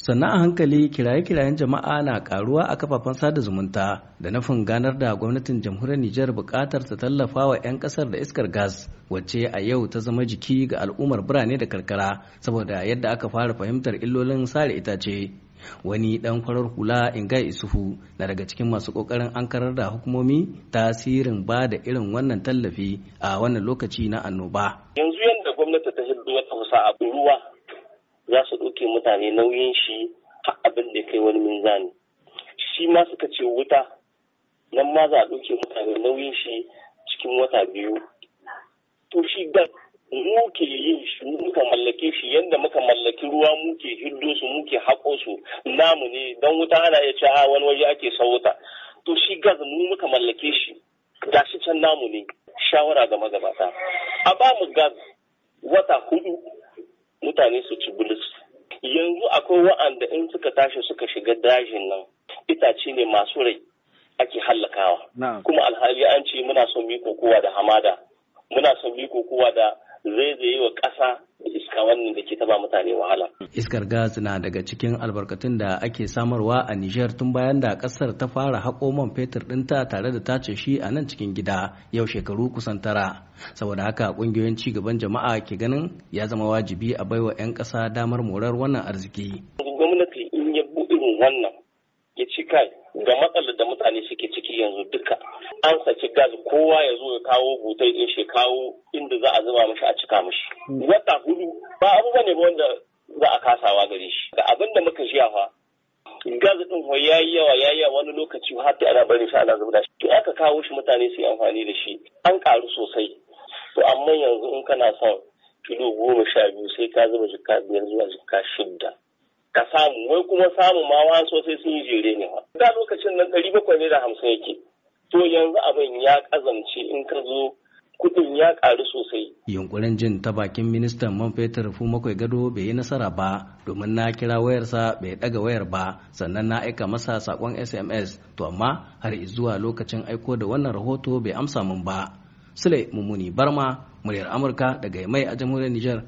sannan a hankali kiraye-kirayen jama'a na karuwa a kafafen sada zumunta da nufin ganar da gwamnatin jamhuriyar Nijar bukatar ta tallafa wa 'yan kasar da iskar gas wacce a yau ta zama jiki ga al'ummar birane da karkara saboda yadda aka fara fahimtar illolin sare itace wani dan farar hula inga isufu, na daga cikin masu kokarin ankarar da hukumomi tasirin ba da irin wannan tallafi a wannan lokaci na annoba yanzu yadda gwamnati ta tausa wata ruwa mutane nauyin shi har abin da kai wani minzani shi ma suka ce wuta nan ma za a ɗauke mutane nauyin shi cikin wata biyu to shi ga muke yin shi muka mallake shi yadda muka mallaki ruwa muke hiddo su muke haƙo su namu ne don wuta ana iya ce a ah, wani waje ake sauta to shi gas mu muka mallake shi ga shi can namu ne shawara ga magabata a ba mu gas wata hudu mutane su ci bulus yanzu akwai wa'anda in suka tashi suka shiga dajin nan itace ne masu rai ake hallakawa kuma alhali an ce muna son mu kokowa da hamada muna son mu kokowa da zaizayewa wa ƙasa da iska wannan da ke taba mutane wahala Iskar gas na daga cikin albarkatun da ake samarwa a Nijar tun bayan da kasar ta fara haƙo man fetur ɗinta tare da tace shi a nan cikin gida yau shekaru kusan tara. Saboda haka ƙungiyoyin ci gaban jama'a ke ganin ya zama wajibi a baiwa 'yan ƙasa damar morar wannan arziki. Gwamnati in ya irin wannan ya ci kai ga matsalar da mutane suke ciki yanzu duka an saki gas kowa ya zo ya kawo butai in shi kawo inda za a zuba mashi a cika mashi. Wata hudu ba abu bane ba wanda za a kasawa gare shi ga abin da muka shiya fa gas din ho yayi yawa yayi yawa wani lokaci har da ana bari shi ana da shi to aka kawo shi mutane su yi amfani da shi an karu sosai to amma yanzu in kana son kilo goma sha biyu sai ka zuba jikka biyar zuwa jikka shidda ka samu wai kuma samu ma wa sosai sun yi jere ne fa da lokacin nan ɗari bakwai ne da hamsin yake to yanzu abin ya kazance in ka zo kudin ya karu sosai. Yunkurin jin ta bakin ministan man fetur makwai Gado bai yi nasara ba domin na kira wayarsa bai daga wayar ba sannan na aika masa sakon SMS to amma har zuwa lokacin aiko da wannan rahoto bai amsa min ba. Sule Mumuni Barma, muryar Amurka daga mai a jamhuriyar Nijar.